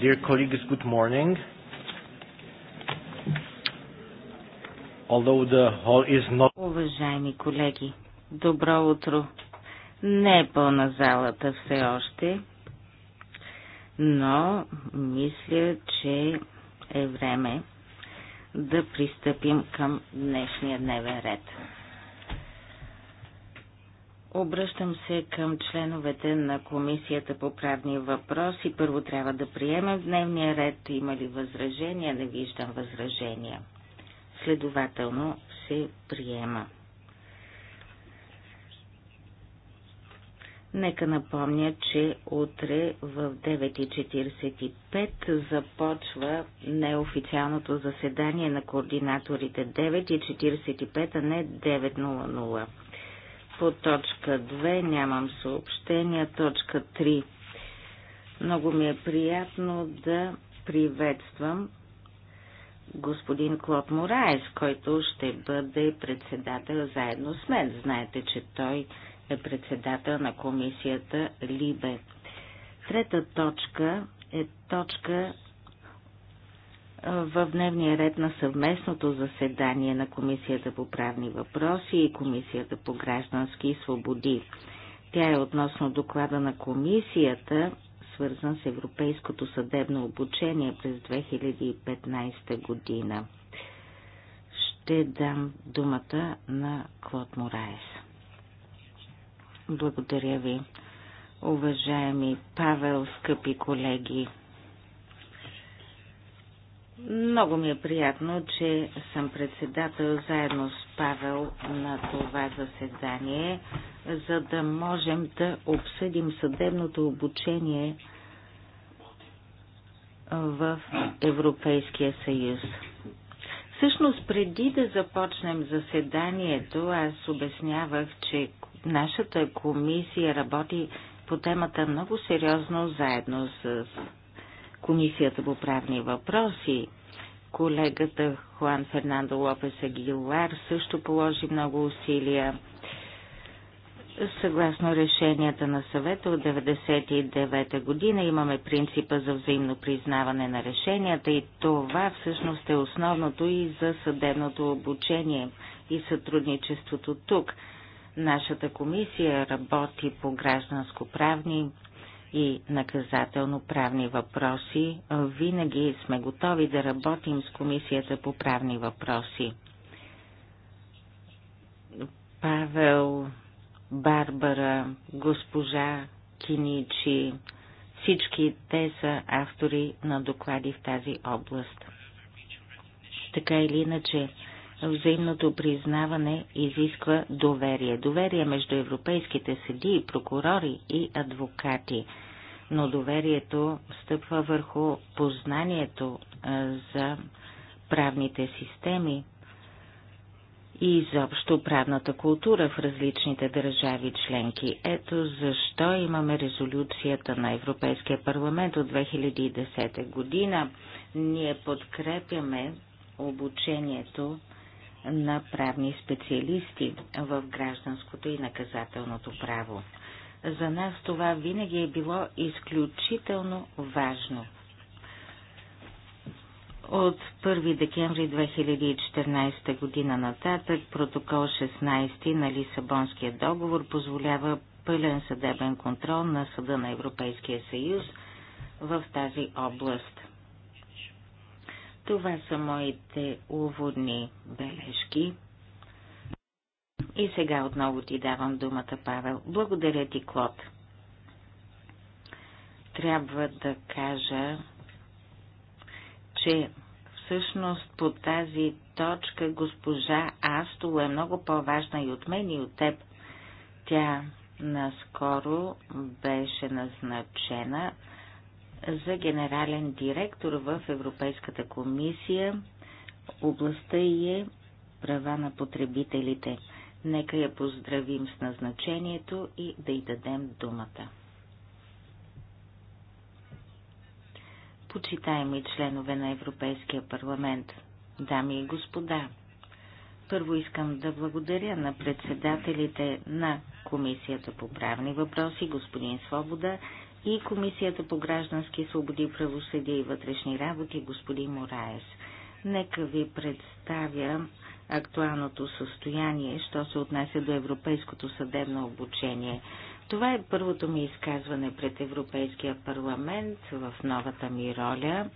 Dear colleagues, good morning. Although the hall is not... Уважаеми колеги, добро утро. Не е пълна залата все още, но мисля, че е време да пристъпим към днешния дневен ред. Обръщам се към членовете на Комисията по правни въпроси. Първо трябва да приемем дневния ред. Има ли възражения? Не виждам възражения. Следователно се приема. Нека напомня, че утре в 9.45 започва неофициалното заседание на координаторите 9.45, а не 9.00. По точка 2 нямам съобщения. Точка 3. Много ми е приятно да приветствам господин Клод Мораес, който ще бъде председател заедно с мен. Знаете, че той е председател на комисията Либе. Трета точка е точка в дневния ред на съвместното заседание на Комисията по правни въпроси и Комисията по граждански свободи. Тя е относно доклада на Комисията, свързан с Европейското съдебно обучение през 2015 година. Ще дам думата на Клод Мораес. Благодаря ви, уважаеми Павел, скъпи колеги. Много ми е приятно, че съм председател заедно с Павел на това заседание, за да можем да обсъдим съдебното обучение в Европейския съюз. Всъщност, преди да започнем заседанието, аз обяснявах, че нашата комисия работи по темата много сериозно заедно с Комисията по правни въпроси. Колегата Хуан Фернандо Лопес Агилар също положи много усилия. Съгласно решенията на съвета от 1999 година имаме принципа за взаимно признаване на решенията и това всъщност е основното и за съдебното обучение и сътрудничеството тук. Нашата комисия работи по гражданско-правни и наказателно-правни въпроси, винаги сме готови да работим с Комисията по правни въпроси. Павел, Барбара, госпожа Киничи, всички те са автори на доклади в тази област. Така или иначе, Взаимното признаване изисква доверие. Доверие между европейските съдии, прокурори и адвокати. Но доверието стъпва върху познанието за правните системи и изобщо правната култура в различните държави членки. Ето защо имаме резолюцията на Европейския парламент от 2010 година. Ние подкрепяме обучението на правни специалисти в гражданското и наказателното право. За нас това винаги е било изключително важно. От 1 декември 2014 година нататък протокол 16 на Лисабонския договор позволява пълен съдебен контрол на Съда на Европейския съюз в тази област. Това са моите уводни бележки. И сега отново ти давам думата, Павел. Благодаря ти, Клод. Трябва да кажа, че всъщност по тази точка госпожа Астола е много по-важна и от мен и от теб. Тя наскоро беше назначена за генерален директор в Европейската комисия. Областта и е права на потребителите. Нека я поздравим с назначението и да й дадем думата. Почитаеми членове на Европейския парламент, дами и господа, първо искам да благодаря на председателите на Комисията по правни въпроси, господин Свобода и Комисията по граждански свободи, правосъдие и вътрешни работи господин Мораес. Нека ви представя актуалното състояние, що се отнася до европейското съдебно обучение. Това е първото ми изказване пред Европейския парламент в новата ми роля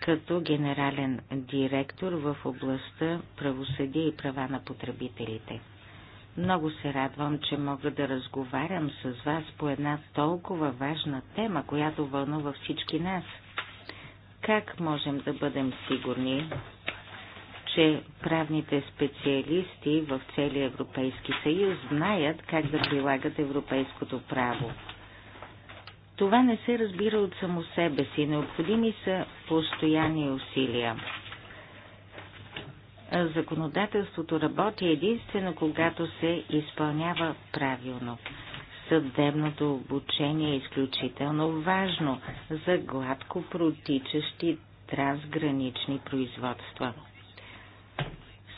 като генерален директор в областта правосъдие и права на потребителите. Много се радвам, че мога да разговарям с вас по една толкова важна тема, която вълнува всички нас. Как можем да бъдем сигурни, че правните специалисти в целия Европейски съюз знаят как да прилагат европейското право? Това не се разбира от само себе си. Необходими са постоянни усилия. Законодателството работи единствено когато се изпълнява правилно. Съдебното обучение е изключително важно за гладко протичащи трансгранични производства.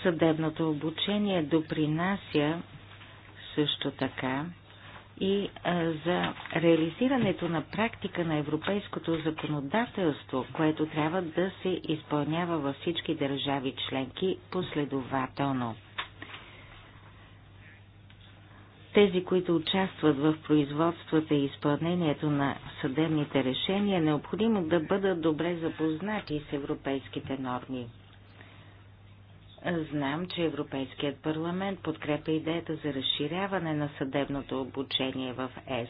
Съдебното обучение допринася също така и за реализирането на практика на европейското законодателство, което трябва да се изпълнява във всички държави членки последователно. Тези, които участват в производствата и изпълнението на съдебните решения, е необходимо да бъдат добре запознати с европейските норми. Знам, че Европейският парламент подкрепя идеята за разширяване на съдебното обучение в ЕС.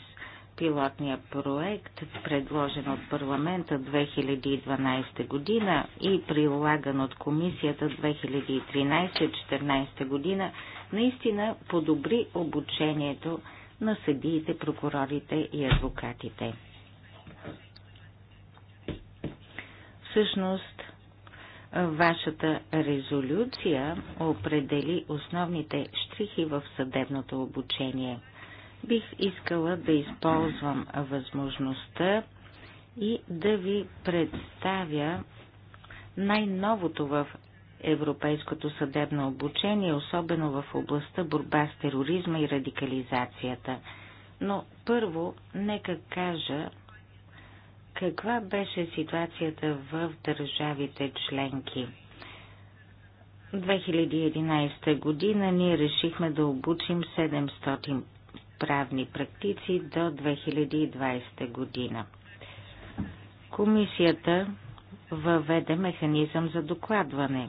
Пилотният проект, предложен от парламента 2012 година и прилаган от комисията 2013-2014 година, наистина подобри обучението на съдиите, прокурорите и адвокатите. Всъщност, Вашата резолюция определи основните штрихи в съдебното обучение. Бих искала да използвам възможността и да ви представя най-новото в европейското съдебно обучение, особено в областта борба с тероризма и радикализацията. Но първо, нека кажа каква беше ситуацията в държавите членки? 2011 година ние решихме да обучим 700 правни практици до 2020 година. Комисията въведе механизъм за докладване.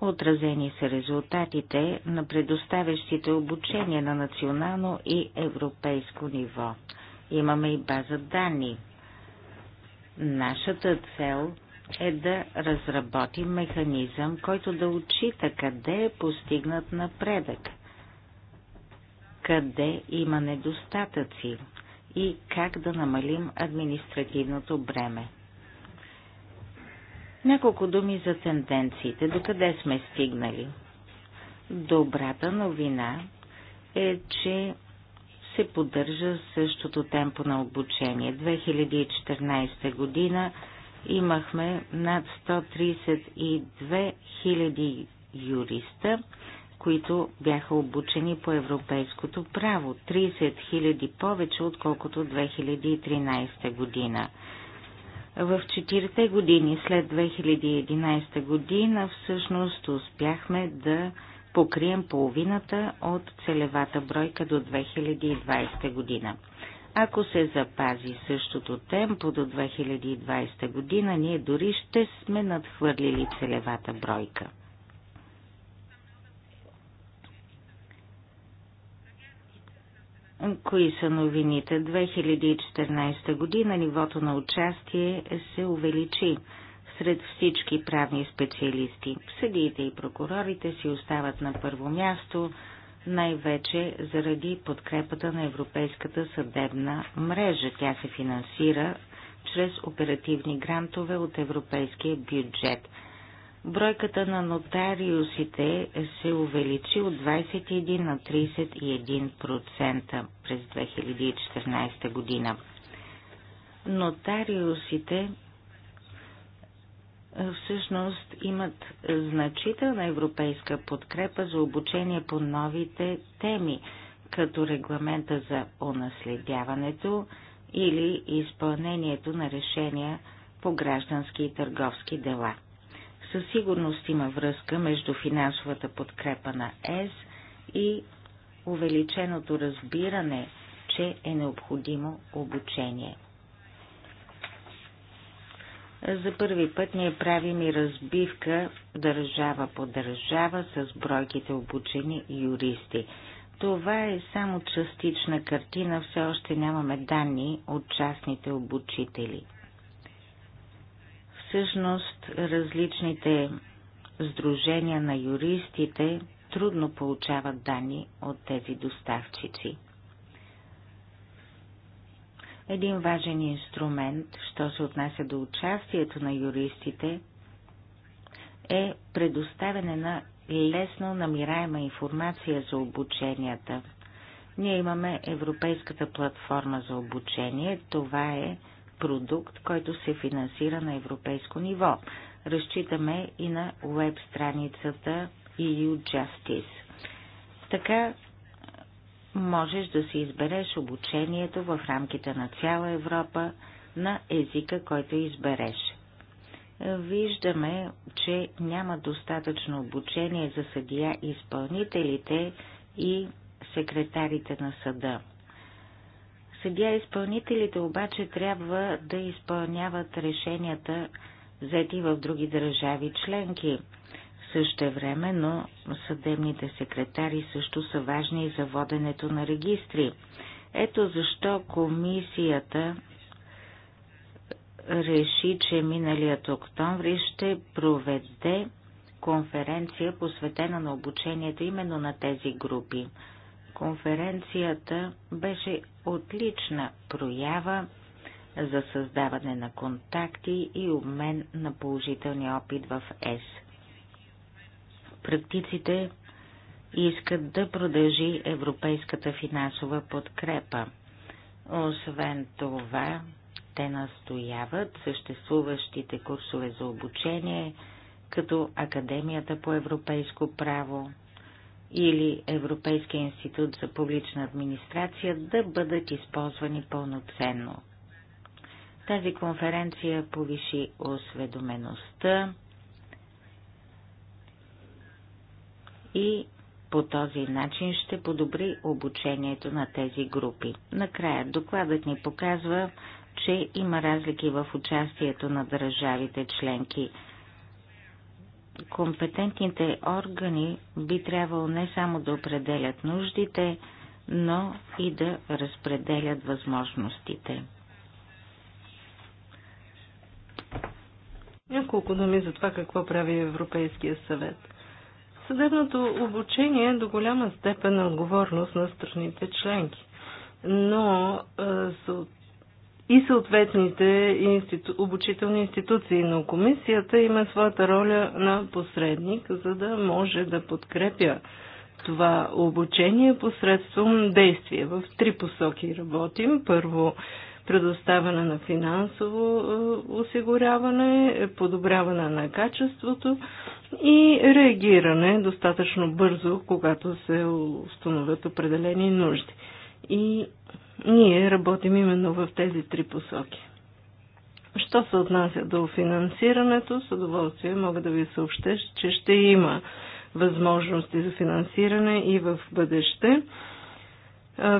Отразени са резултатите на предоставящите обучение на национално и европейско ниво. Имаме и база данни. Нашата цел е да разработим механизъм, който да отчита къде е постигнат напредък, къде има недостатъци и как да намалим административното бреме. Няколко думи за тенденциите, До къде сме стигнали. Добрата новина е, че се поддържа същото темпо на обучение. 2014 година имахме над 132 000 юриста, които бяха обучени по европейското право. 30 000 повече, отколкото 2013 година. В четирите години след 2011 година всъщност успяхме да покрием половината от целевата бройка до 2020 година. Ако се запази същото темпо до 2020 година, ние дори ще сме надхвърлили целевата бройка. Кои са новините? 2014 година нивото на участие се увеличи сред всички правни специалисти. Съдиите и прокурорите си остават на първо място, най-вече заради подкрепата на Европейската съдебна мрежа. Тя се финансира чрез оперативни грантове от европейския бюджет. Бройката на нотариусите се увеличи от 21 на 31% през 2014 година. Нотариусите е, всъщност имат значителна европейска подкрепа за обучение по новите теми, като регламента за унаследяването или изпълнението на решения по граждански и търговски дела. Със сигурност има връзка между финансовата подкрепа на ЕС и увеличеното разбиране, че е необходимо обучение. За първи път ние правим и разбивка държава по държава с бройките обучени юристи. Това е само частична картина, все още нямаме данни от частните обучители. Всъщност, различните сдружения на юристите трудно получават данни от тези доставчици един важен инструмент, що се отнася до участието на юристите, е предоставяне на лесно намираема информация за обученията. Ние имаме Европейската платформа за обучение. Това е продукт, който се финансира на европейско ниво. Разчитаме и на веб страницата EU Justice. Така можеш да си избереш обучението в рамките на цяла Европа на езика, който избереш. Виждаме, че няма достатъчно обучение за съдия изпълнителите и секретарите на съда. Съдия изпълнителите обаче трябва да изпълняват решенията взети в други държави членки. Също време, но съдебните секретари също са важни и за воденето на регистри. Ето защо комисията реши, че миналият октомври ще проведе конференция, посветена на обучението именно на тези групи. Конференцията беше отлична проява за създаване на контакти и обмен на положителния опит в ЕС. Практиците искат да продължи европейската финансова подкрепа. Освен това, те настояват съществуващите курсове за обучение, като Академията по европейско право или Европейския институт за публична администрация, да бъдат използвани пълноценно. Тази конференция повиши осведомеността, и по този начин ще подобри обучението на тези групи. Накрая, докладът ни показва, че има разлики в участието на държавите членки. Компетентните органи би трябвало не само да определят нуждите, но и да разпределят възможностите. Няколко думи за това какво прави Европейския съвет – Съдебното обучение е до голяма степен на е отговорност на страните членки, но е, и съответните институ... обучителни институции, но комисията има своята роля на посредник, за да може да подкрепя това обучение посредством действия. В три посоки работим. Първо, предоставяне на финансово е, осигуряване, е, подобряване на качеството и реагиране достатъчно бързо, когато се установят определени нужди. И ние работим именно в тези три посоки. Що се отнася до финансирането, с удоволствие мога да ви съобща, че ще има възможности за финансиране и в бъдеще.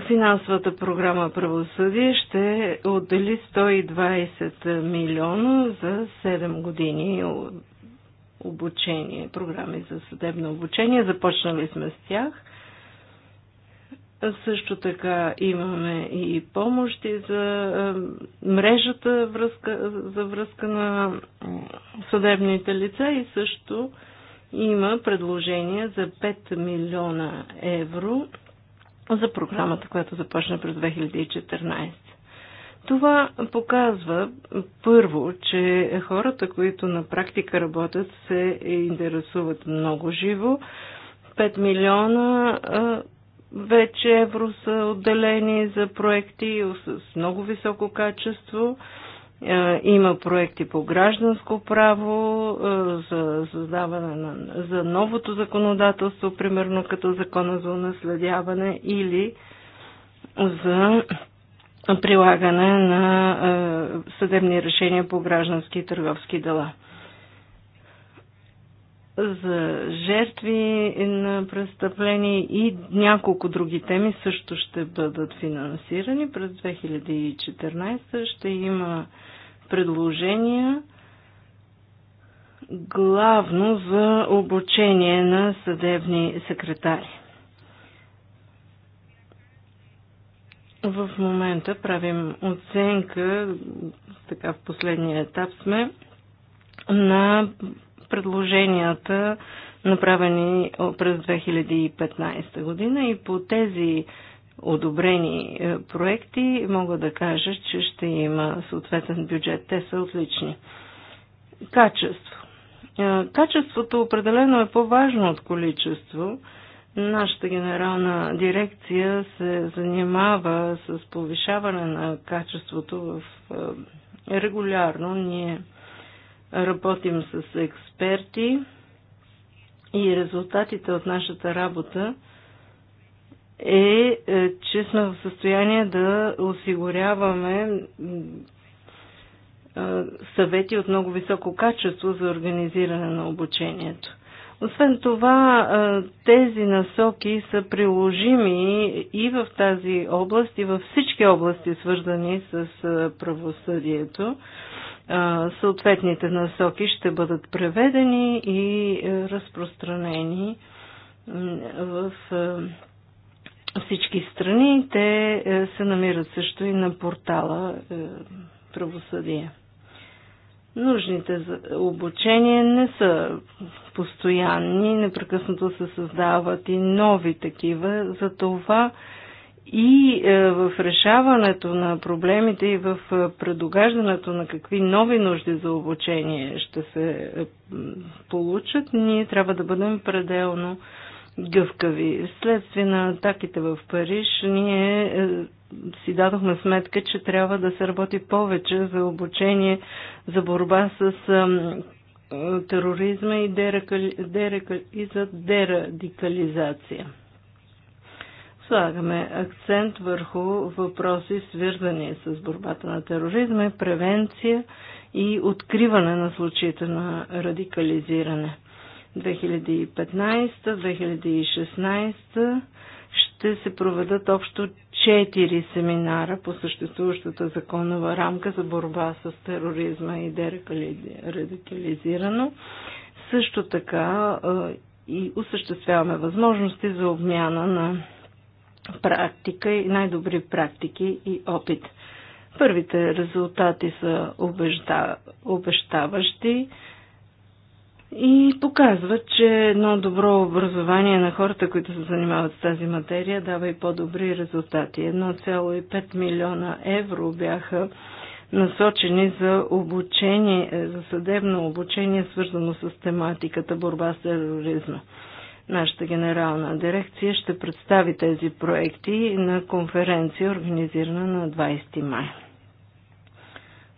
Финансовата програма Правосъдие ще отдели 120 милиона за 7 години обучение, програми за съдебно обучение. Започнали сме с тях. Също така имаме и помощи за мрежата връзка, за връзка на съдебните лица и също има предложение за 5 милиона евро за програмата, която започна през 2014. Това показва първо, че хората, които на практика работят, се интересуват много живо. 5 милиона вече евро са отделени за проекти с много високо качество е, има проекти по гражданско право, е, за създаване на, за новото законодателство, примерно като закона за унаследяване или за прилагане на е, съдебни решения по граждански и търговски дела за жертви на престъпления и няколко други теми също ще бъдат финансирани. През 2014 ще има предложения главно за обучение на съдебни секретари. В момента правим оценка, така в последния етап сме, на предложенията, направени през 2015 година и по тези одобрени е, проекти мога да кажа, че ще има съответен бюджет. Те са отлични. Качество. Е, качеството определено е по-важно от количество. Нашата генерална дирекция се занимава с повишаване на качеството в е, регулярно. Ние Работим с експерти и резултатите от нашата работа е, е че сме в състояние да осигуряваме съвети от много високо качество за организиране на обучението. Освен това, тези насоки са приложими и в тази област, и във всички области, свързани с правосъдието съответните насоки ще бъдат преведени и разпространени в всички страни. Те се намират също и на портала Правосъдие. Нужните за обучения не са постоянни, непрекъснато се създават и нови такива, за това и е, в решаването на проблемите и в е, предогаждането на какви нови нужди за обучение ще се е, получат, ние трябва да бъдем пределно гъвкави. Вследствие на атаките в Париж, ние си дадохме сметка, че трябва да се работи повече за обучение, за борба с тероризма и дерекали и за дерадикализация слагаме акцент върху въпроси, свързани с борбата на тероризма, превенция и откриване на случаите на радикализиране. 2015-2016 ще се проведат общо 4 семинара по съществуващата законова рамка за борба с тероризма и дерадикализирано. Също така и осъществяваме възможности за обмяна на практика и най-добри практики и опит. Първите резултати са обещаващи и показват, че едно добро образование на хората, които се занимават с тази материя, дава и по-добри резултати. 1,5 милиона евро бяха насочени за обучение, за съдебно обучение, свързано с тематиката борба с тероризма. Нашата генерална дирекция ще представи тези проекти на конференция, организирана на 20 май.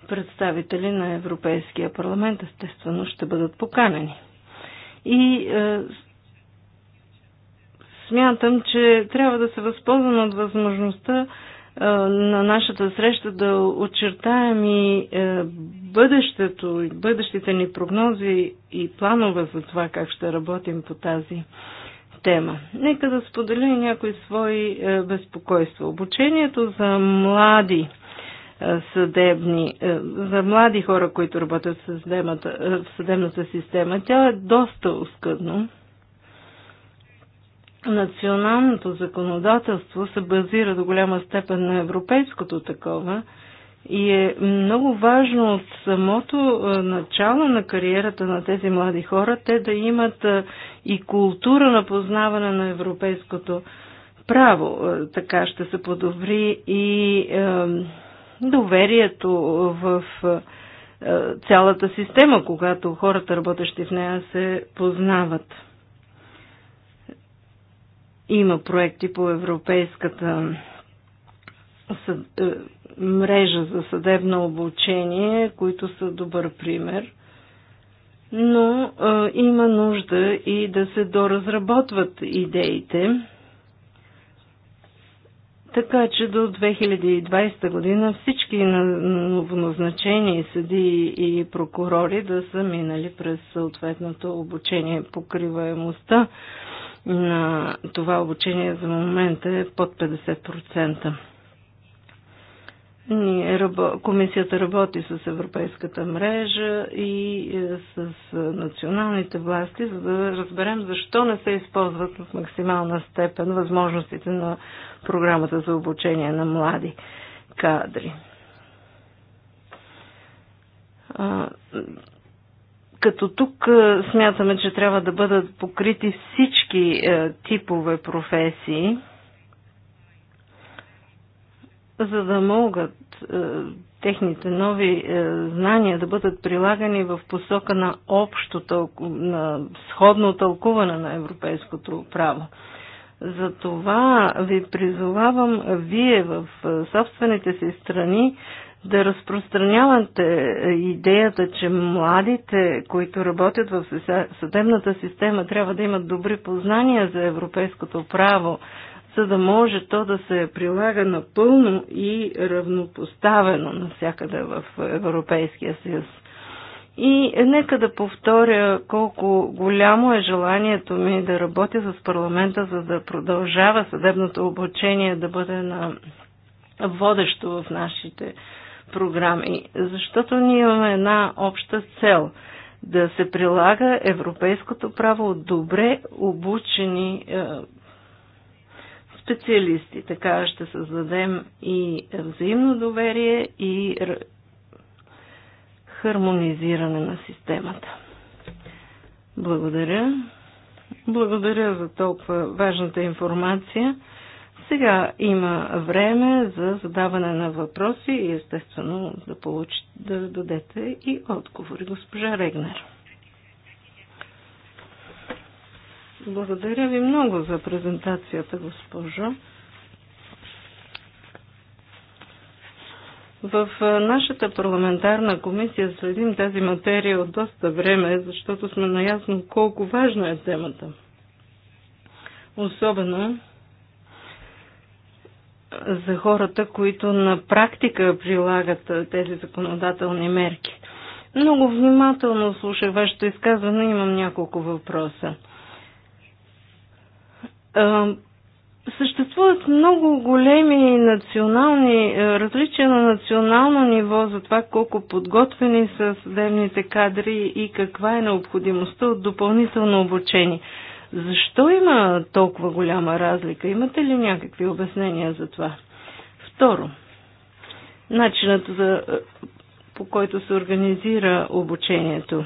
Представители на Европейския парламент естествено ще бъдат поканени. И е, смятам, че трябва да се възползвам от възможността е, на нашата среща да очертаем и е, бъдещето, и бъдещите ни прогнози и планове за това как ще работим по тази тема. Нека да споделя и някои свои е, безпокойства. Обучението за млади съдебни, за млади хора, които работят в съдебната, в съдебната система, тя е доста оскъдно националното законодателство се базира до голяма степен на европейското такова и е много важно от самото е, начало на кариерата на тези млади хора те да имат е, и култура на познаване на европейското право. Е, така ще се подобри и доверието в цялата система, когато хората, работещи в нея, се познават. Има проекти по европейската е, мрежа за съдебно обучение, които са добър пример, но а, е, има нужда и да се доразработват идеите, така че до 2020 година всички новоназначени съди и прокурори да са минали през съответното обучение. Покриваемостта на това обучение за момента е под 50%. комисията работи с Европейската мрежа и е, с е, националните власти, за да разберем защо не се използват в максимална степен възможностите на програмата за обучение на млади кадри като тук е, смятаме, че трябва да бъдат покрити всички е, типове професии, за да могат е, техните нови знания да бъдат прилагани в посока на общо на сходно тълкуване на европейското право. Затова ви призовавам вие в собствените си страни да разпространявате идеята, че младите, които работят в съдебната система, трябва да имат добри познания за европейското право, за да може то да се прилага напълно и равнопоставено навсякъде в Европейския съюз. И нека да повторя колко голямо е желанието ми да работя с парламента, за да продължава съдебното обучение да бъде на водещо в нашите програми, защото ние имаме една обща цел да се прилага европейското право от добре обучени е, специалисти. Така ще създадем и взаимно доверие и хармонизиране на системата. Благодаря. Благодаря за толкова важната информация. Сега има време за задаване на въпроси и естествено да, получите, да дадете и отговори. Госпожа Регнер. Благодаря ви много за презентацията, госпожо. В нашата парламентарна комисия следим тази материя от доста време, защото сме наясно колко важна е темата. Особено за хората, които на практика прилагат тези законодателни мерки. Много внимателно слушах вашето изказване, имам няколко въпроса. Съществуват много големи национални, различия на национално ниво за това колко подготвени са съдебните кадри и каква е необходимостта от допълнително обучение. Защо има толкова голяма разлика? Имате ли някакви обяснения за това? Второ, начинът за, е, по който се организира обучението.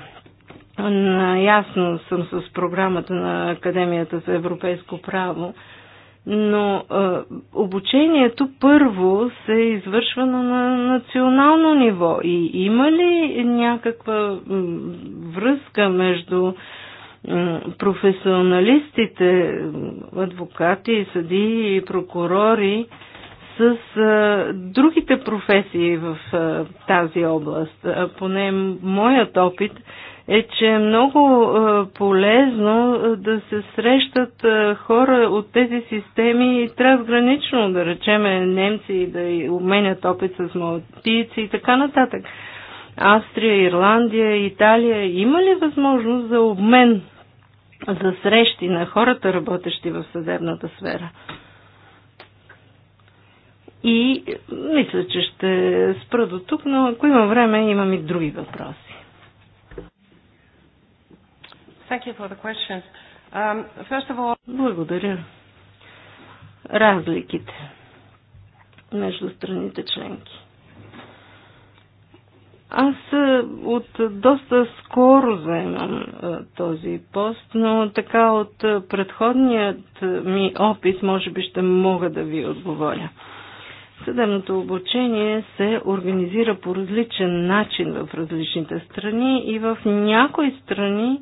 Наясно съм с програмата на Академията за европейско право, но е, обучението първо се извършва на национално ниво. И има ли някаква връзка между професионалистите, адвокати, съдии и прокурори с другите професии в тази област. Поне моят опит е, че е много полезно да се срещат хора от тези системи и трансгранично, да речеме немци, да обменят опит с малтийци и така нататък. Австрия, Ирландия, Италия. Има ли възможност за обмен, за срещи на хората, работещи в съдебната сфера? И мисля, че ще спра до тук, но ако има време, имам и други въпроси. Um, all... Благодаря. Разликите между страните членки. Аз е, от доста скоро заемам е, този пост, но така от е, предходният ми опит може би ще мога да ви отговоря. Съдебното обучение се организира по различен начин в различните страни и в някои страни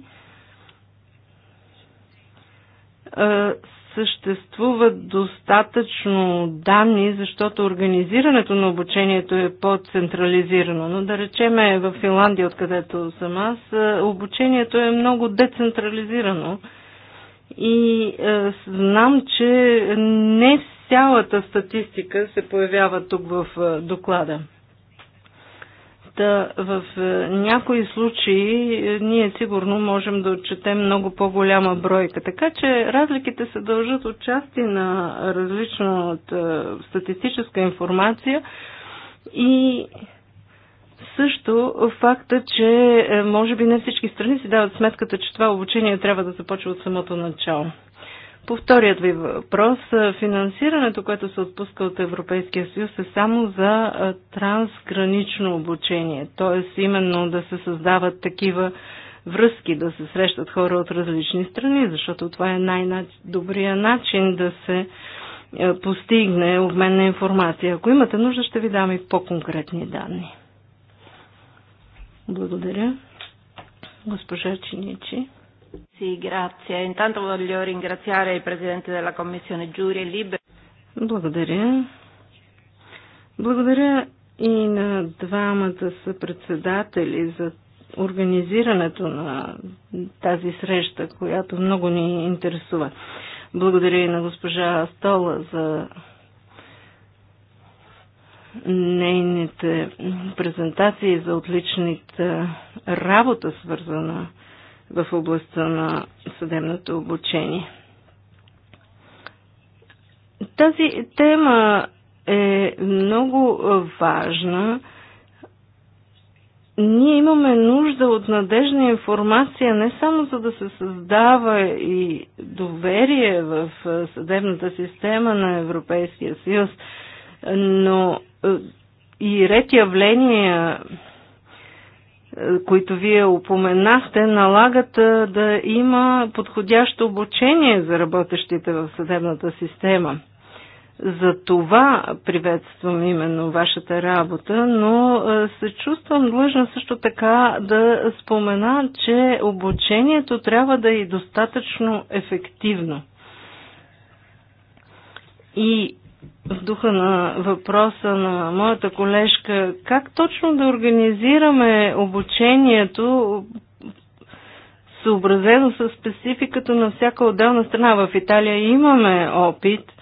съществуват достатъчно данни, защото организирането на обучението е по-централизирано. Но да речеме в Финландия, откъдето съм аз, е, обучението е много децентрализирано. И е, знам, че не цялата статистика се появява тук в е, доклада. Да, в е, някои случаи е, ние сигурно можем да отчетем много по-голяма бройка. Така че разликите се дължат от части на различна от е, статистическа информация и също факта, че може би не всички страни си дават сметката, че това обучение трябва да започва от самото начало. По вторият ви въпрос, финансирането, което се отпуска от Европейския съюз е само за трансгранично обучение, т.е. именно да се създават такива връзки, да се срещат хора от различни страни, защото това е най-добрия начин да се постигне обмен на информация. Ако имате нужда, ще ви дам и по-конкретни данни. Благодаря. Госпожа Чиничи. Sì, grazie. Intanto voglio ringraziare il Presidente della Commissione Giuri e Libe. Благодаря. Благодаря и на двамата съпредседатели за организирането на тази среща, която много ни интересува. Благодаря и на госпожа Стола за нейните презентации за отличната работа, свързана в областта на съдебното обучение. Тази тема е много важна. Ние имаме нужда от надежна информация, не само за да се създава и доверие в съдебната система на Европейския съюз, но е, и ред явления които вие упоменахте, налагат да има подходящо обучение за работещите в съдебната система. За това приветствам именно вашата работа, но се чувствам длъжна също така да спомена, че обучението трябва да е достатъчно ефективно. И в духа на въпроса на моята колежка, как точно да организираме обучението съобразено с спецификата на всяка отделна страна. В Италия имаме опит,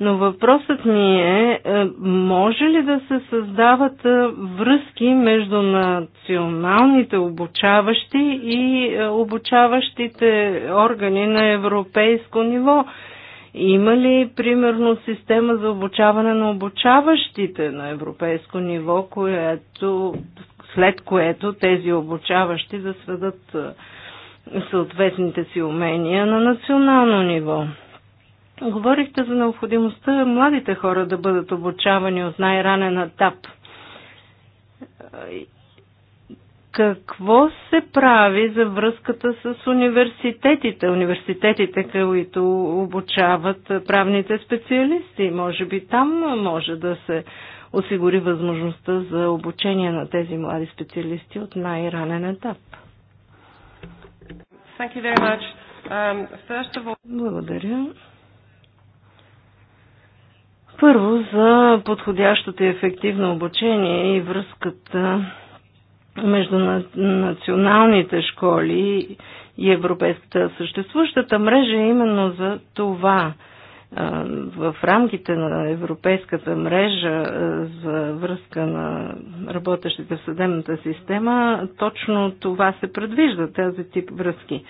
но въпросът ми е, е може ли да се създават е, връзки между националните обучаващи и е, обучаващите органи на европейско ниво? Има ли, примерно, система за обучаване на обучаващите на европейско ниво, което, след което тези обучаващи да сведат съответните си умения на национално ниво? Говорихте за необходимостта младите хора да бъдат обучавани от най-ранен етап какво се прави за връзката с университетите? Университетите, които обучават правните специалисти. Може би там може да се осигури възможността за обучение на тези млади специалисти от най-ранен етап. Um, Благодаря. Първо за подходящото и ефективно обучение и връзката между националните школи и европейската съществуващата мрежа е именно за това. В рамките на европейската мрежа за връзка на работещите в съдебната система, точно това се предвижда, тези тип връзки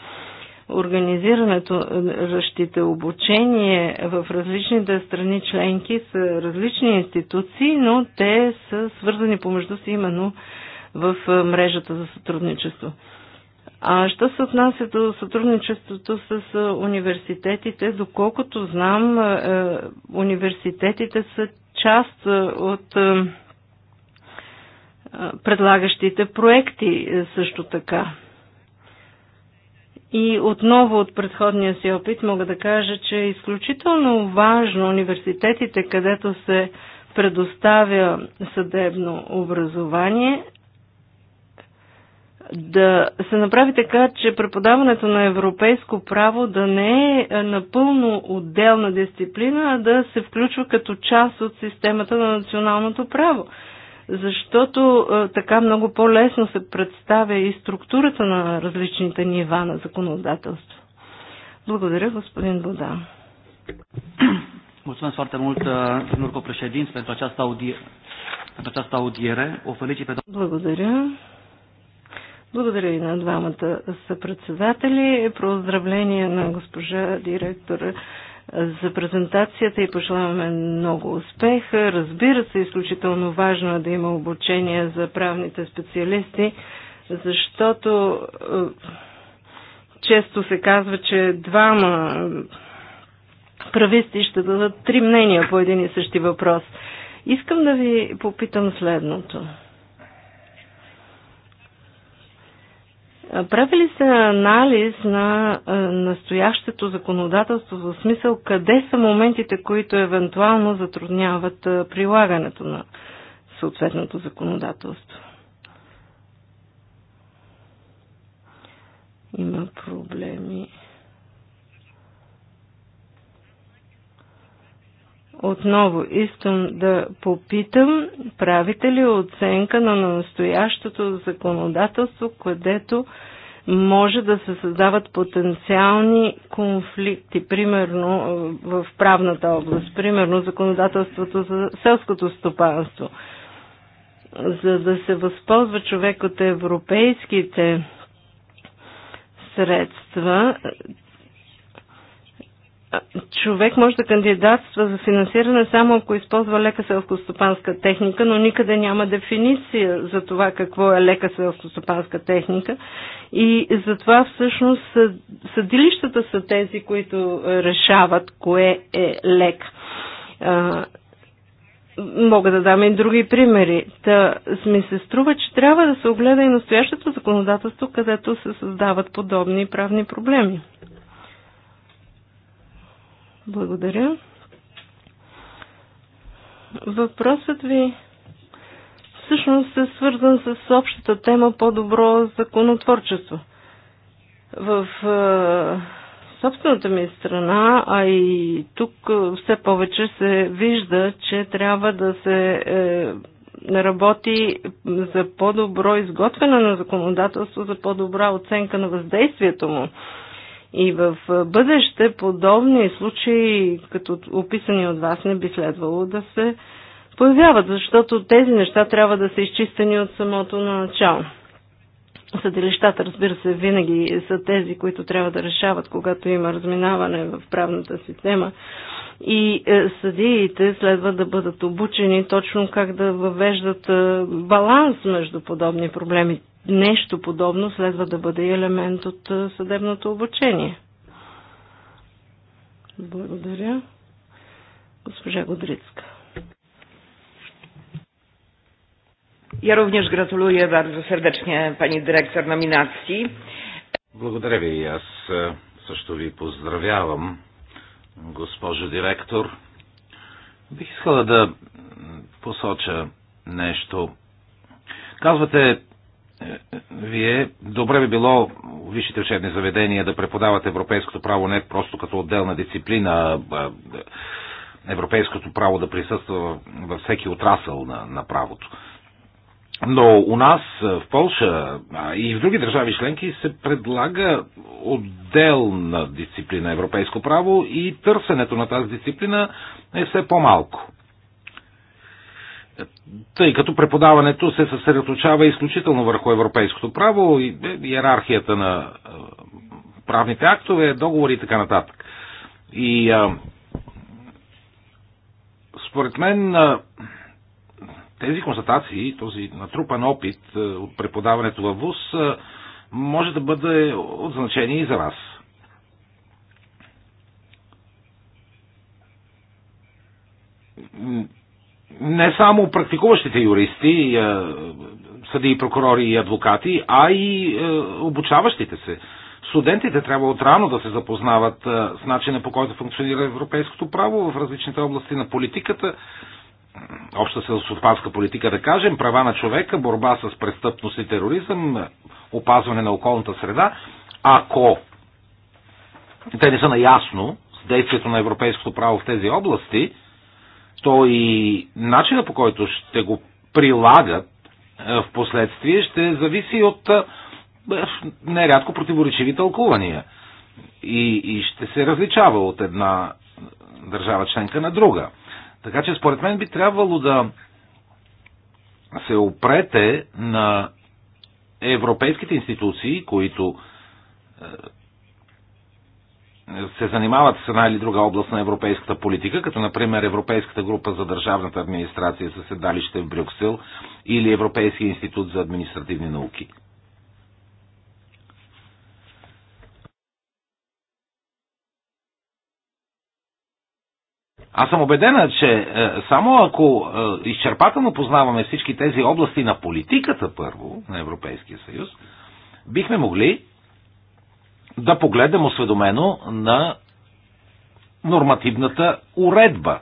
организирането, ръщите обучение в различните страни членки са различни институции, но те са свързани помежду си именно в мрежата за сътрудничество. А що се отнася до сътрудничеството с университетите, доколкото знам, университетите са част от предлагащите проекти също така. И отново от предходния си опит мога да кажа, че е изключително важно университетите, където се предоставя съдебно образование, да се направи така, че преподаването на европейско право да не е напълно отделна дисциплина, а да се включва като част от системата на националното право. Защото е, така много по-лесно се представя и структурата на различните нива на законодателство. Благодаря, господин Бодан. Mulțumesc foarte mult, е, domnul copreședinț, pentru această audiere. O felicit pe Благодаря. Благодаря и на двамата съпредседатели. Поздравление на госпожа директора за презентацията и пожелаваме много успех. Разбира се, изключително важно е да има обучение за правните специалисти, защото е, често се казва, че двама прависти ще дадат три мнения по един и същи въпрос. Искам да ви попитам следното. Правили се анализ на настоящето законодателство в смисъл къде са моментите, които евентуално затрудняват прилагането на съответното законодателство? Има проблеми Отново искам да попитам, правите ли оценка на настоящото законодателство, където може да се създават потенциални конфликти, примерно е, в правната област, примерно законодателството за селското стопанство. За да се възползва човек от европейските средства, човек може да кандидатства за финансиране само ако използва лека селскостопанска техника, но никъде няма дефиниция за това какво е лека селскостопанска техника. И затова всъщност съдилищата са тези, които е, решават кое е лек. Мога да дам и други примери. Та ми се струва, че трябва да се огледа и настоящото законодателство, където се създават подобни правни проблеми. Благодаря. Въпросът ви всъщност е свързан с общата тема по-добро законотворчество. В е, собствената ми страна, а и тук е, все повече се вижда, че трябва да се е, работи за по-добро изготвяне на законодателство, за по-добра оценка на въздействието му. Е, и в бъдеще подобни случаи, като описани от вас, не би следвало да се появяват, защото тези неща трябва да са изчистени от самото на начало. Съдилищата, разбира се, винаги са тези, които трябва да решават, когато има разминаване в правната система. И е, съдиите следва да бъдат обучени точно как да въвеждат е, баланс между подобни проблеми нещо подобно следва да бъде и елемент от съдебното обучение. Благодаря. Госпожа Годрицка. Ja również gratuluję bardzo serdecznie pani dyrektor nominacji. Благодаря ви. Аз също ви поздравявам, госпожо директор. Бих искала да посоча нещо. Казвате, вие добре би било висшите учебни заведения да преподават европейското право не просто като отделна дисциплина, а европейското право да присъства във всеки отрасъл на, на правото. Но у нас, в Польша и в други държави членки се предлага отделна дисциплина европейско право и търсенето на тази дисциплина е все по-малко тъй като преподаването се съсредоточава изключително върху европейското право и е, иерархията на е, правните актове, договори и така нататък. И а, е, според мен а, тези констатации, този натрупан опит а, от преподаването във ВУЗ а, може да бъде от значение и за вас не само практикуващите юристи, е, съди, прокурори и адвокати, а и е, обучаващите се. Студентите трябва отрано да се запознават е, с начина по който функционира европейското право в различните области на политиката, обща селсотпанска политика, да кажем, права на човека, борба с престъпност и тероризъм, опазване на околната среда, ако те не са наясно с действието на европейското право в тези области, то и начина по който ще го прилагат е, в последствие ще зависи от е, нерядко противоречиви тълкувания и, и ще се различава от една държава членка на друга. Така че според мен би трябвало да се опрете на европейските институции, които е, се занимават с една или друга област на европейската политика, като например Европейската група за държавната администрация със седалище в Брюксел или Европейския институт за административни науки. Аз съм убедена, че е, само ако е, изчерпателно познаваме всички тези области на политиката първо на Европейския съюз, бихме могли да погледнем осведомено на нормативната уредба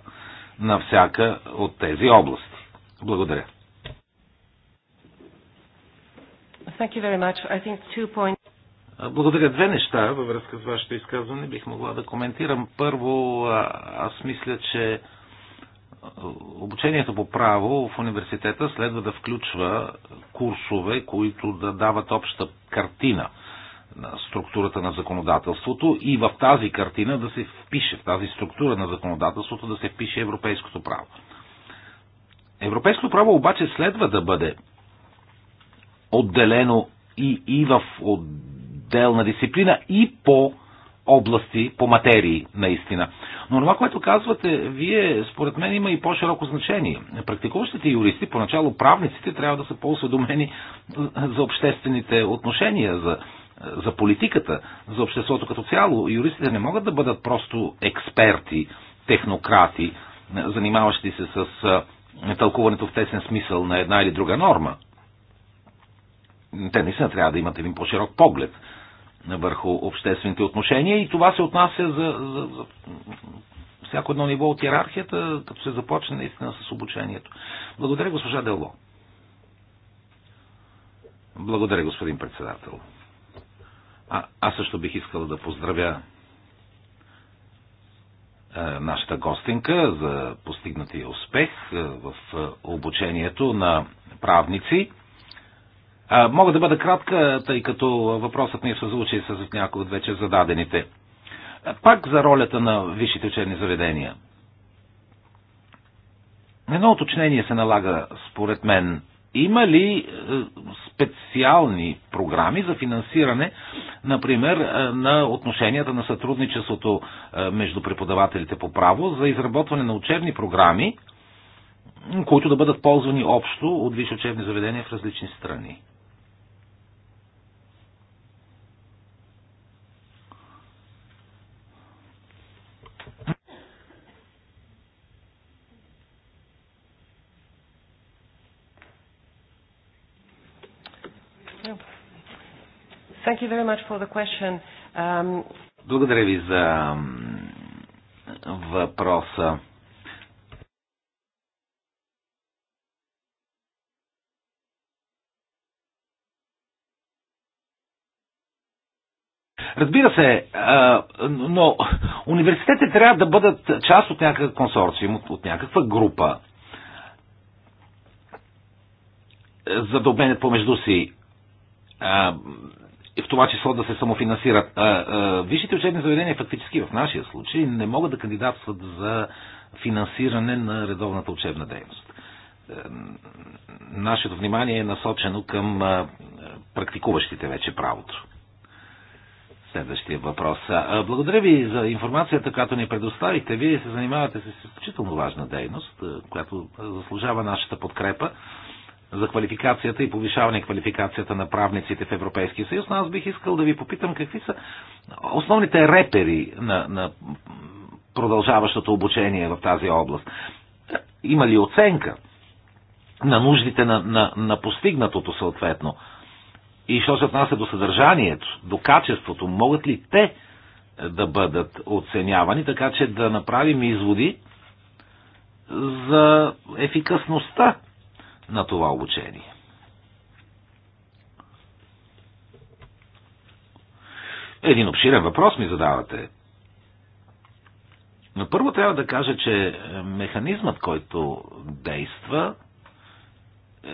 на всяка от тези области. Благодаря. Thank you very much. I think two point... Благодаря. Две неща във връзка с вашето изказване бих могла да коментирам. Първо, аз мисля, че обучението по право в университета следва да включва курсове, които да дават обща картина на структурата на законодателството и в тази картина да се впише, в тази структура на законодателството да се впише европейското право. Европейското право обаче следва да бъде отделено и, и в отделна дисциплина и по области, по материи, наистина. Но това, което казвате, вие, според мен, има и по-широко значение. Практикуващите юристи, поначало правниците, трябва да са по-осведомени за обществените отношения, за за политиката, за обществото като цяло. Юристите не могат да бъдат просто експерти, технократи, занимаващи се с тълкуването в тесен смисъл на една или друга норма. Те наистина трябва да имат един по-широк поглед върху обществените отношения и това се отнася за, за, за всяко едно ниво от иерархията, като се започне наистина с обучението. Благодаря, госпожа дело. Благодаря, господин председател. А, аз също бих искала да поздравя е, нашата гостинка за постигнатия успех е, в е, обучението на правници. Мога да бъда кратка, тъй като въпросът ми е в с някои от вече зададените. Пак за ролята на висшите учебни заведения. Едно уточнение се налага, според мен. Има ли е, специални програми за финансиране, например, е, на отношенията на сътрудничеството е, между преподавателите по право за изработване на учебни програми, които да бъдат ползвани общо от висши учебни заведения в различни страни? Thank you very much for the question. Um... Благодаря ви за въпроса. Разбира се, но университетите трябва да бъдат част от някакъв консорциум, от някаква група, за да обменят е помежду си в това число да се самофинансират. Висшите учебни заведения фактически в нашия случай не могат да кандидатстват за финансиране на редовната учебна дейност. Е, нашето внимание е насочено към практикуващите вече правото. Следващия въпрос. Благодаря ви за информацията, която ни предоставихте. Вие се занимавате с изключително важна дейност, е, която заслужава нашата подкрепа за квалификацията и повишаване квалификацията на правниците в Европейския съюз, но аз бих искал да ви попитам какви са основните репери на, на продължаващото обучение в тази област. Има ли оценка на нуждите на, на, на постигнатото съответно? И що се отнася до съдържанието, до качеството, могат ли те да бъдат оценявани, така че да направим изводи за ефикасността на това обучение. Един обширен въпрос ми задавате. Но първо трябва да кажа, че е, механизмът, който действа,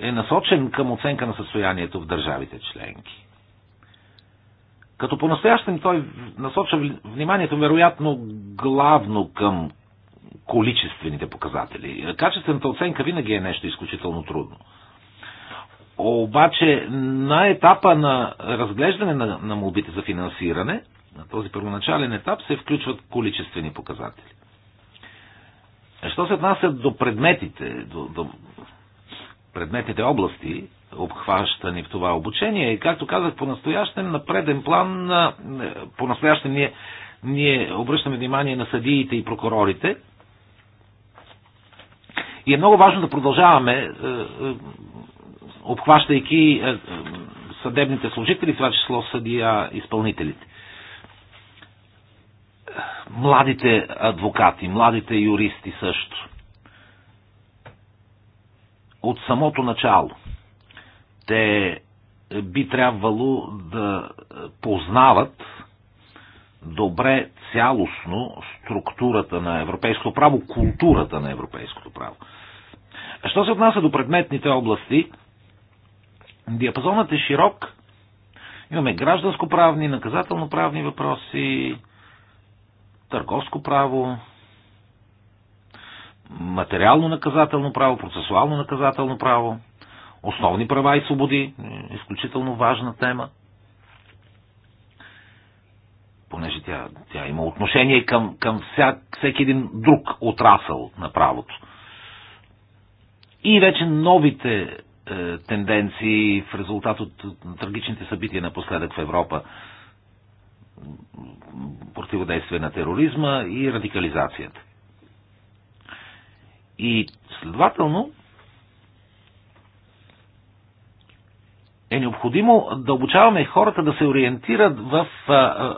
е насочен към оценка на състоянието в държавите членки. Като по настоящен той насочва вниманието вероятно главно към количествените показатели. Качествената оценка винаги е нещо изключително трудно. Обаче на етапа на разглеждане на, на молбите за финансиране, на този първоначален етап, се включват количествени показатели. Що се отнася до предметите, до, до предметните области, обхващани в това обучение, и както казах, по настоящен на преден план, по настоящен ние, ние обръщаме внимание на съдиите и прокурорите – и е много важно да продължаваме, е, е, обхващайки е, съдебните служители, в това число съдия изпълнителите. Младите адвокати, младите юристи също. От самото начало те би трябвало да познават добре цялостно структурата на европейското право, културата на европейското право. А Що се отнася до предметните области, диапазонът е широк. Имаме гражданско-правни, наказателно-правни въпроси, търговско право, материално-наказателно право, процесуално-наказателно право, основни права и свободи, изключително важна тема, понеже тя, тя има отношение към, към вся, всеки един друг отрасъл на правото и вече новите е, тенденции в резултат от трагичните събития напоследък в Европа противодействие на тероризма и радикализацията. И следователно е необходимо да обучаваме хората да се ориентират в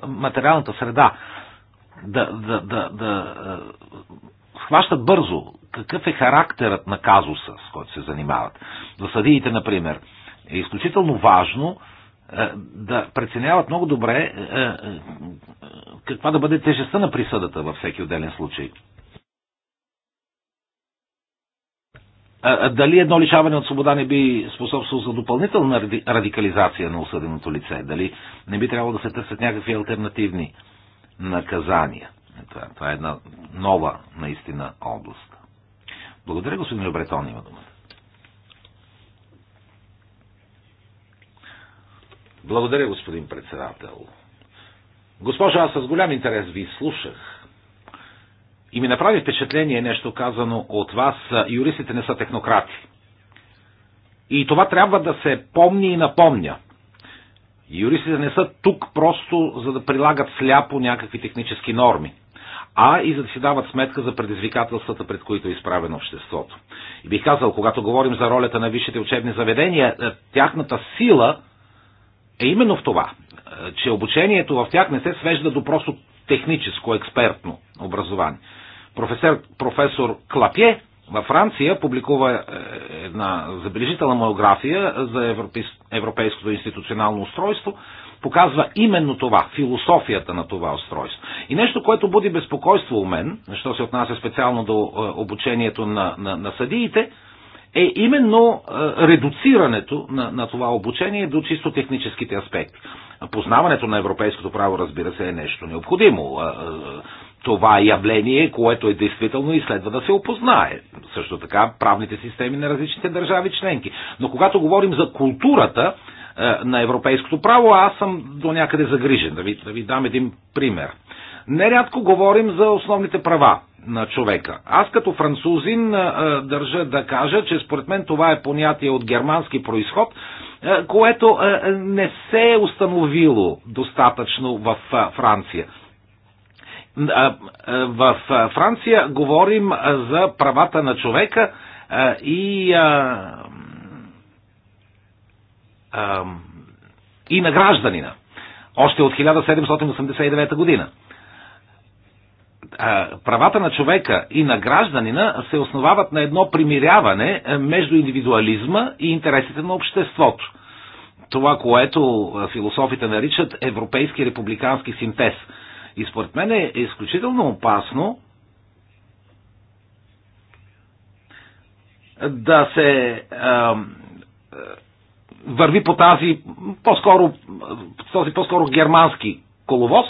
е, материалната среда, да, да, да, да е, хващат бързо какъв е характерът на казуса, с който се занимават. За съдиите, например, е изключително важно е, да преценяват много добре е, е, каква да бъде тежестта на присъдата във всеки отделен случай. Дали едно лишаване от свобода не би способствало за допълнителна радикализация на осъденото лице? Дали не би трябвало да се търсят някакви альтернативни наказания? Това, това е една нова, наистина, област. Благодаря, господин Лебретон, има думата. Благодаря, господин председател. Госпожо, аз с голям интерес ви слушах. И ми направи впечатление нещо казано от вас. Юристите не са технократи. И това трябва да се помни и напомня. Юристите не са тук просто за да прилагат сляпо някакви технически норми а и за да си дават сметка за предизвикателствата, пред които е изправено обществото. И бих казал, когато говорим за ролята на висшите учебни заведения, е, тяхната сила е именно в това, е, че обучението в тях не се свежда до просто техническо, експертно образование. Професор, професор Клапие във Франция публикува е, една забележителна монография за европейското институционално устройство, показва именно това, философията на това устройство. И нещо, което буди безпокойство у мен, защото се отнася специално до е, обучението на, на, на съдиите, е именно е, редуцирането на, на това обучение до чисто техническите аспекти. Познаването на европейското право, разбира се, е нещо необходимо това е явление, което е действително и следва да се опознае. Също така правните системи на различните държави членки. Но когато говорим за културата е, на европейското право, аз съм до някъде загрижен. Да ви, да ви дам един пример. Нерядко говорим за основните права на човека. Аз като французин е, е държа да кажа, че според мен това е понятие от германски происход, е, което е, не се е установило достатъчно в Франция. В Франция говорим за правата на човека и, и на гражданина. Още от 1789 година правата на човека и на гражданина се основават на едно примиряване между индивидуализма и интересите на обществото. Това, което философите наричат европейски републикански синтез – и според мен е изключително опасно да се а, върви по тази по-скоро, този по-скоро германски коловоз,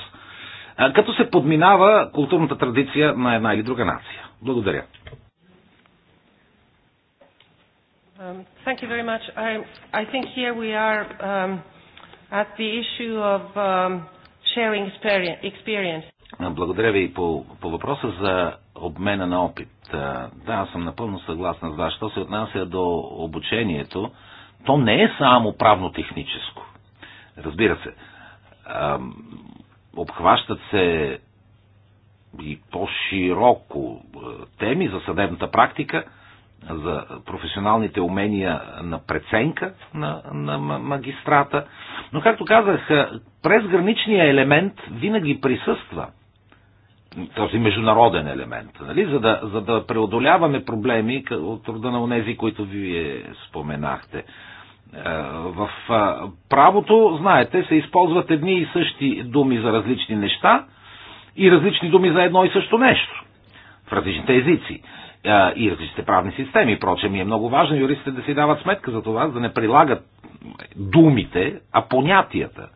а, като се подминава културната традиция на една или друга нация. Благодаря. Um, thank you very much. I, I think here we are um, at the issue of um, sharing experience. Благодаря ви по, по въпроса за обмена на опит. Да, аз съм напълно съгласна с вас. Що се отнася до обучението, то не е само правно-техническо. Разбира се, обхващат се и по-широко теми за съдебната практика – за професионалните умения на преценка на, на магистрата. Но, както казах, е, граничния елемент винаги присъства. Този международен елемент, нали? за, да, за да преодоляваме проблеми от рода на онези, които вие споменахте. Е, в е, правото, знаете, се използват едни и същи думи за различни неща и различни думи за едно и също нещо в различните езици и различните правни системи. И прочем, и е много важно юристите да си дават сметка за това, за да не прилагат думите, а понятията.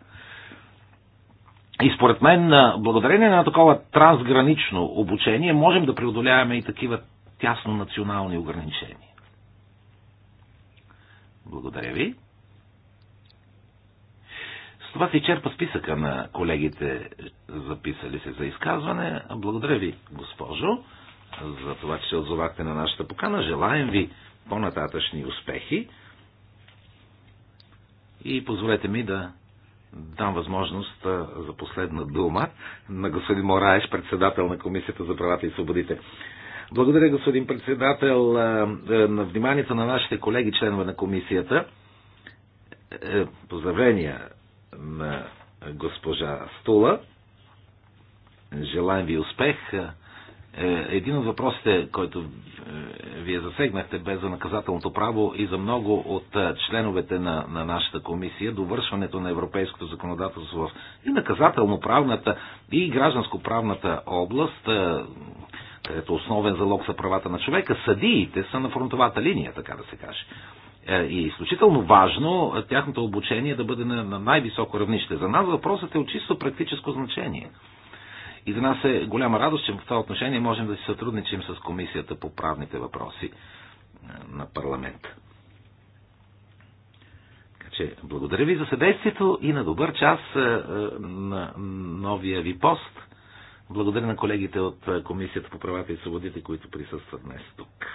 И според мен, благодарение на такова трансгранично обучение, можем да преодоляваме и такива тясно национални ограничения. Благодаря ви. С това се изчерпа списъка на колегите, записали се за изказване. Благодаря ви, госпожо за това, че се отзовахте на нашата покана. Желаем ви по-нататъчни успехи и позволете ми да дам възможност за последна дума на господин Мораеш, председател на Комисията за правата и свободите. Благодаря, господин председател, на вниманието на нашите колеги, членове на комисията. Е, е, поздравления на госпожа Стула. Желаем ви успех е, един от въпросите, който е, вие засегнахте бе за наказателното право и за много от е, членовете на, на нашата комисия, довършването на европейското законодателство в и наказателно-правната и гражданско-правната област, където основен залог са правата на човека, съдиите са на фронтовата линия, така да се каже. И изключително важно тяхното обучение да бъде на, на най-високо равнище. За нас въпросът е от чисто практическо значение. И за нас е голяма радост, че в това отношение можем да си сътрудничим с Комисията по правните въпроси е, на парламента. Така че, благодаря ви за съдействието и на добър час е, е, на новия ви пост. Благодаря на колегите от Комисията по правата и свободите, които присъстват днес тук.